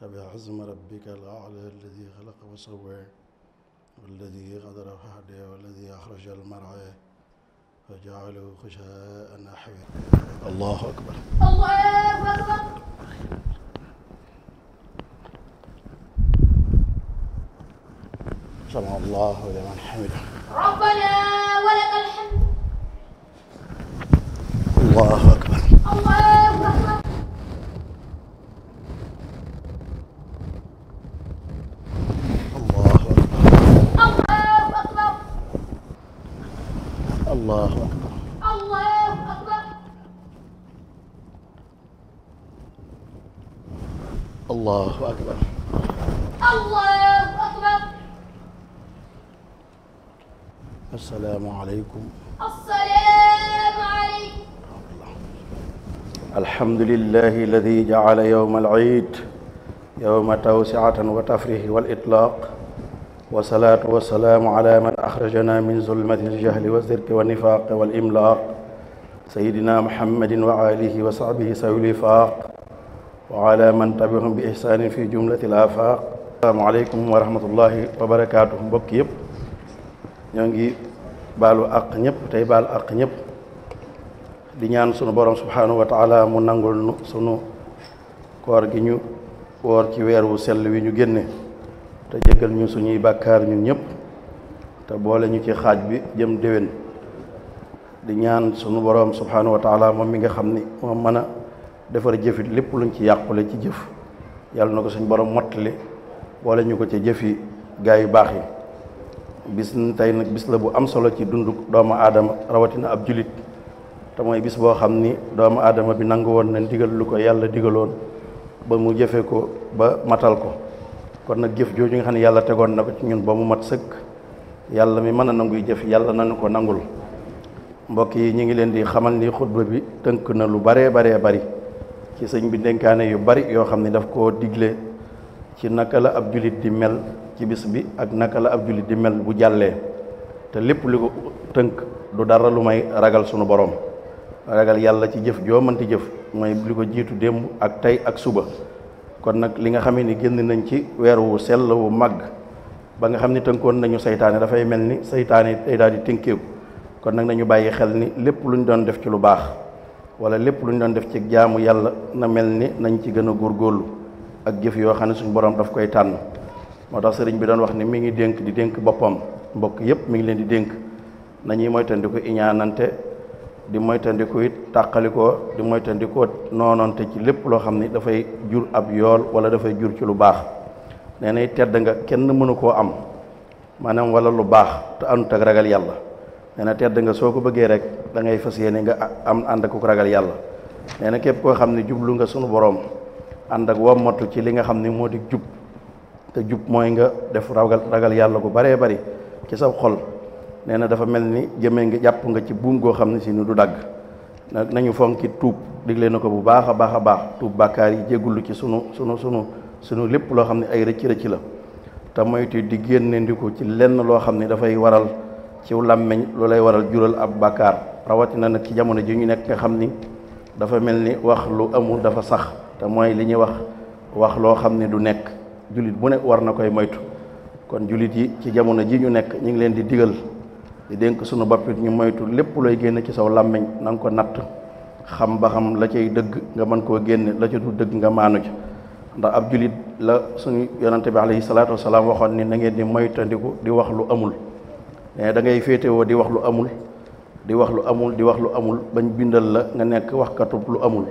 سبح ربك الأعلى الذي خلق وسوى والذي قدر فهدى والذي أخرج المرعى فجعله خشاء نحوه الله أكبر الله أكبر سمع الله لمن حمده ربنا ولك الحمد الله أكبر الله أكبر الله أكبر الله أكبر الله أكبر الله أكبر السلام عليكم السلام عليكم الحمد لله الذي جعل يوم العيد يوم توسعة وتفريح والإطلاق والصلاة والسلام على من أخرجنا من ظلمة الجهل والزرك والنفاق والإملاق سيدنا محمد وعاله وصحبه سوي الوفاق وعلى من تبعهم بإحسان في جملة الآفاق السلام عليكم ورحمة الله وبركاته بكيب yëpp بالو ngi baalu àq ñëpp tey baal àq ñëpp di ñaan sunu borom subhanahu wa taala mu nangul sunu koor gi ñu woor ci weer te jéggal ñu suñuy bakkar ñun ñëpp te boole ñu ci xaaj bi jëm déwén di ñaan suñu borom subhanahu wa taala moom mi nga xamni ni mëna mën defar jëfit lepp luñ ci yaqulé ci jëf yalla nako suñu borom motalé boole ñuko ci jëfi gaay yu baax yi bis tay nak bis la bu am solo ci dundu doomu Adam rawatina ab julit te moy bis bo xamni doomu adam bi nang won na digal lu ko yàlla digaloon ba mu jëfé ko ba matal ko kon nag jëf jooju nga xam ne yàlla tegoon na ko ci ñun ba mu mat sëkk yàlla mi mën a nanguy jëf yàlla nañu ko nangul mbokk yi ñu ngi leen di xamal ni xutba bi tënk na lu baree baree bari ci sëñ bi dénkaane yu bari yoo xam ne daf koo digle ci naka la ab jullit di mel ci bis bi ak naka la ab jullit di mel bu jàllee te lépp li ko tënk du dara lu may ragal sunu borom ragal yàlla ci jëf joo ti jëf mooy li ko jiitu démb ak tey ak suba kon nag li nga xamee ni génn nañ ci weer wu sell wu màgg ba nga xam ni tënkoon nañu seytaane dafay mel ni saytaane day daal di tënkeeku kon nag nañu bàyyi xel ni lépp lu ñu doon def ci lu baax wala lépp lu ñu doon def ci jaamu yàlla na mel ni nañ ci gën a góor góorlu ak jëf yoo xam ne suñu borom daf koy tànn moo tax sëriñ bi doon wax ni mi ngi dénk di dénk boppam mbokk yépp mu ngi leen di dénk nañuy moytandiku iñaanante di ko it tàqalikoo di nonon te ci lepp lo xamni da fay jur ab yol wala fay jur ci lu bax nee tedd nga kenn mënu ko am manam wala lu bax te àndut ak ragal yalla neena tedd nga soko rek da ngay fasiyene nga am anda ak ragal yalla neena kep ko xamni jublu nga sunu borom and ak ci li nga xamni modi di jub te jub moy nga def ragal ragal yalla ko bare bare ci sa xol nee na dafa mel ni jëmee ngi jàpp nga ci buum goo xam ne si ni du dagg nag nañu fonki tuub digle na ko bu baax a baax a baax tuub bàkkaar yi jéggulu ci sunu sunu sunu sunu lépp loo xam ne ay rëcc rëcci la te moytu di génne ndiku ci lenn loo xam ne dafay waral ci làmmeñ lu lay waral jural ab bàkkaar rawatina nag ci jamono ji ñu nekk nga xam ni dafa mel ni wax lu amul dafa sax te mooy li ñuy wax wax loo xam ne du nekk jullit bu nekk war na koy moytu kon jullit yi ci jamono ji ñu nekk ñu ngi leen di digal di denk suñu bop ñu moytu lepp loy genn ci saw lamagn nang ko nat xam ba xam la cey deug nga man ko genn la ci du deug nga manu ci ndax ab julit la suñu yonante ya bi alayhi salatu wassalam waxon ni na ngeen di moytandiku di wax lu amul mais eh, da ngay wo di wax lu amul di wax lu amul di wax lu amul bañ bindal la nga wax katup lu amul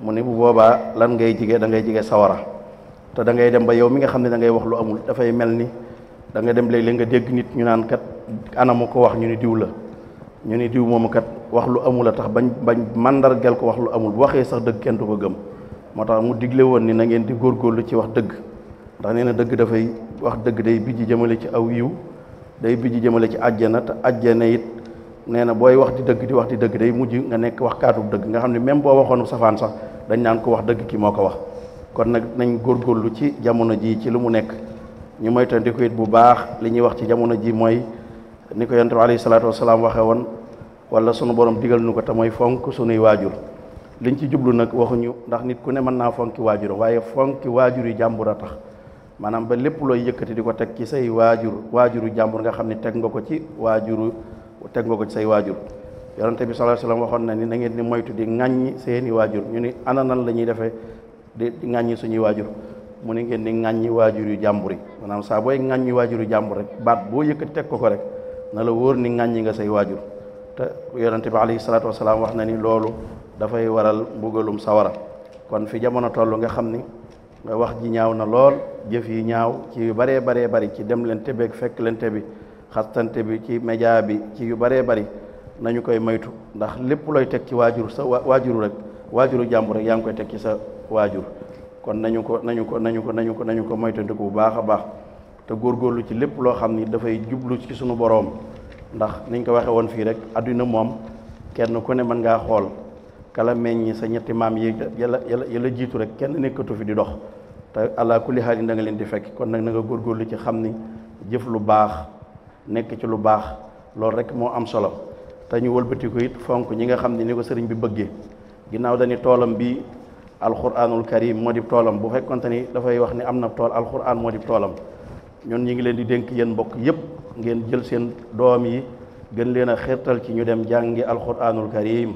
mu ne bu boba lan ngay jige da ngay jige sawara te da ngay dem ba yow mi nga xamni da ngay wax lu amul da mel ni da nga dem leg leg nga deg nit ñu nan kat anamu ko wax ñu ni diw la ñu ni diw mom kat wax lu amul tax bañ bañ ko wax lu amul waxe sax deug kën du ko gëm motax mu diglé won ni na ngeen di lu ci wax deug ndax neena deug da fay wax deug day bijji jëmele ci aw yiw day bijji jëmele ci aljana ta aljana it neena na wax di deug di wax di deug day mujj nga nek wax kaatu deug nga xamni même bo waxon safan sax dañ nan ko wax deug ki moko wax kon nak nañ lu ci jamono ji ci lu mu nek ñu ko it bu baax li ñi wax ci jamono ji moy niko ko ya ali bi alayhi salaatu waxe won wala sunu borom digal nu ko te fonk sunu wajur liñ ci jublu nag waxuñu ndax nit ku ne man na fonki wajur waye fonki wajuri yi tax manam ba lepp loy yëkëti di tek ci say wajur wajuru jàmbur nga xamni tek nga ko ci wajuru tek nga ko ci say wajur yaronte bi sallallahu alaihi wasallam waxon na ni na ngeen ni moytu di ngagn seeni wajur, ñu ni ana nan lañuy defé di ngagn suñu wajur mu ni ngeen ni ngagn wajuru jamburi manam sa boy ngagn wajuru ŋàññi rek baat bo yëkëti tek ko ko rek na la wóor ni ŋàññi nga say waajur te yonente bi alayhi salatu wasalaam wax na ni loolu dafay waral mbugalum sawara kon fi jamono toll nga xam ni wax ji ñaaw na lool jëf yi ñaaw ci yu bare bare bari ci dem lente beeg fekk lente bi xastante bi ci media bi ci yu bare bari nañu koy moytu ndax lépp looy teg ci waajur sa waajuru rek waajuru jàmbur rek yaa ngi koy teg ci sa waajur kon nañu ko nañu ko nañu ko nañu ko nañu ko moytandiku bu baax a baax te góor góorlu ci lépp loo xam ni dafay jublu ci sunu boroom ndax niñ ko waxe woon fii rek adduna moom kenn ku ne mën ngaa xool kala meññ sa ñetti maam yi yàlla yàlla jiitu rek kenn nekkatu fi di dox te ala kulli da nga leen di fekk kon nag na nga góorgóorlu ci xam ni jëf lu baax nekk ci lu baax loolu rek moo am solo te ñu wëlbati ko it fonk ñi nga xam ne ni ko sëriñ bi bëggee ginnaaw dañu toolam bi alquranul karim moo di toolam bu fekkonte ni dafay wax ni am na tool alquran moo di toolam ñun ñi ngi leen di dénk yéen mbokk yépp ngeen jël seen doom yi gën leen a xirtal ci ñu dem jàngi alquranul karim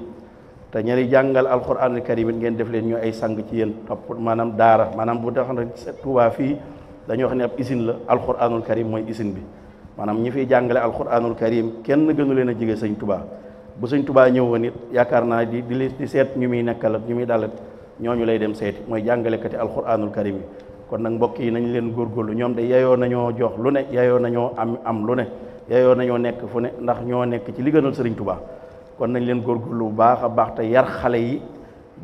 te ñeri jàngal alquranul karim it ngeen def leen ñu ay sang ci yéen topp maanaam daara maanaam bu tax na Tuubaa fii dañoo xam ne ab usine la alquranul karim mooy usine bi maanaam ñi fiy jàngale alquranul karim kenn gënu leen a jige sëñ Tuubaa bu sëñ Tuubaa ñëwoon it yaakaar naa di di seet ñu muy nekkal ak ñu muy dalat ñu lay dem seeti mooy jàngalekati alquranul karim yi kon nag mbokk yi nañ leen góor góorgóorlu ñoom de yayoo nañoo jox lu ne yayoo nañoo am am lu ne yayoo nañoo nekk fu ne ndax ñoo nekk ci li gënal sëriñ Tuubaa kon nañ leen góor bu baax a baax te yar xale yi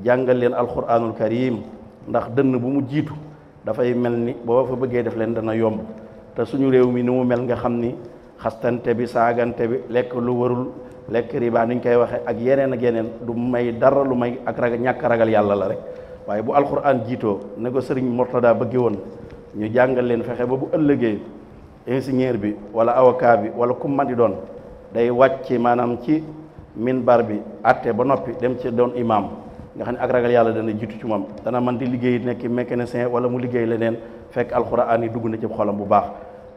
jàngal leen alxuraanul karim ndax dënn bu mu jiitu dafay mel ni boo fa bëggee def leen dana yomb te suñu réew mi ni mu mel nga xam ni xastante bi saagante bi lekk lu warul lekk riba ni ñu koy waxee ak yeneen ak yeneen du may dara lu may ak ragal ñàkk ragal yàlla la rek waaye bu alxuraan jiitoo ne ko sëriñ daa bëgge woon ñu jàngal leen fexe ba bu ëllëgee ingénieur bi wala avocat bi wala ku man di doon day wàcc maanaam ci minbar bi atte ba noppi dem ci doon imam nga xam ne ak ragal yàlla dana jiitu ci moom dana man di liggéey nekk mécanicien wala mu liggéey leneen fekk alxuraan yi dugg na ci xolam bu baax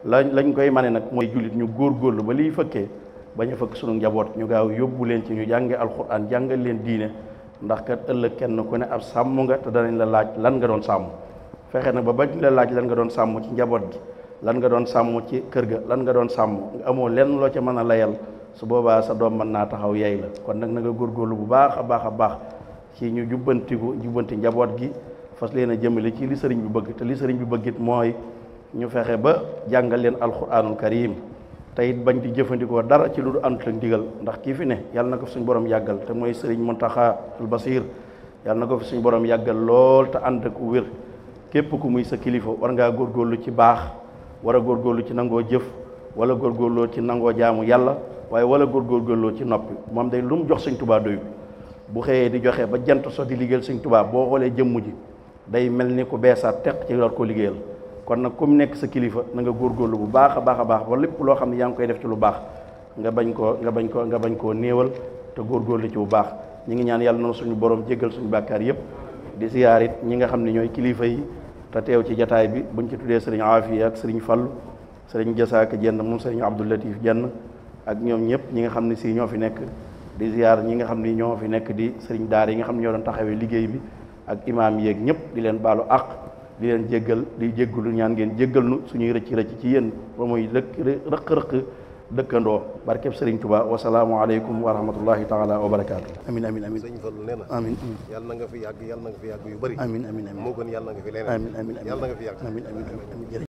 lañ lañ koy mane nag mooy jullit ñu góor góorlu ba liy fëkkee ba a fëkk sunu njaboot ñu gaaw yóbbu leen ci ñu jànge alxuraan jàngal leen diine ndax kat ëllëg kenn ku ne ab sàmm nga te danañ la laaj lan nga doon sàmm fexe na ba bañ la laaj lan nga doon sàmm ci njaboot gi lan nga doon sàmm ci kër ga lan nga doon sàmm amoo lenn loo ca mën a layal su boobaa sa doom mën naa taxaw yey la kon nag na nga góorlu bu baax a baax a baax ci ñu jubbantiku jubbanti njaboot gi fas leen a jëmale ci li sëriñ bi bëgg te li sëriñ bi bëggit mooy ñu fexe ba jàngal leen alquranul karim tayit bañ di jëfëndiko dara ci lu du àndut ak digal ndax ki fi ne yalla na suñu borom yagal te moy serigne muntaha al basir yalla na fi suñu borom yagal lol te ànd ak wër kep ku muy sa kilifa war gor góorgóorlu ci baax war gor góorgóorlu ci nango jëf wala góorgóorloo ci nango jaamu yalla waye wala góorgóorloo ci nopi mom day lu mu jox sëñ touba doyu bu xeye di joxe ba jant so di ligel sëñ touba bo xolé jëm ji day mel ku beesaat tek ci lor ko kon nag kum nekk sa kilifa nanga nga góorgóorlu bu baax a baax a baax ba lépp loo xam ne yaa ngi koy def ci lu baax nga bañ koo nga bañ koo nga bañ koo néewal te góorgóorlu ci bu baax ñi ngi ñaan yàlla noonu suñu borom jéggal suñu bàkkaar yëpp di it ñi nga xam ne ñooy kilifa yi te teew ci jataay bi buñ ci tuddee sëriñ Aafiya ak sëriñ Fallu sëriñ Jasaaka jenn moom sëriñ Abdou Latif jenn ak ñoom ñëpp ñi nga xam ne si ñoo fi nekk di ziar ñi nga xam ni ñoo fi nekk di sëriñ daar yi nga xam ne ñoo doon taxawee liggéey bi ak imaam yeeg ñëpp di leen baalu àq di leen jéggal di jéggalu ñaan ngeen jéggal nu suñuy rëcc rëcc ci yéen ba muy dëkk rëq-rëq dëkkandoo barkeb Sëriñ Tuba wa salaamu aleykum wa rahmatullahi taala wa barakaatu amin amin amin sëñ Fallu nee na amin yàlla na nga fi yàgg yàlla na nga fi yàgg yu bëri amin amin na nga fi leneen amin amin yàlla na nga fi yàgg amin amin amin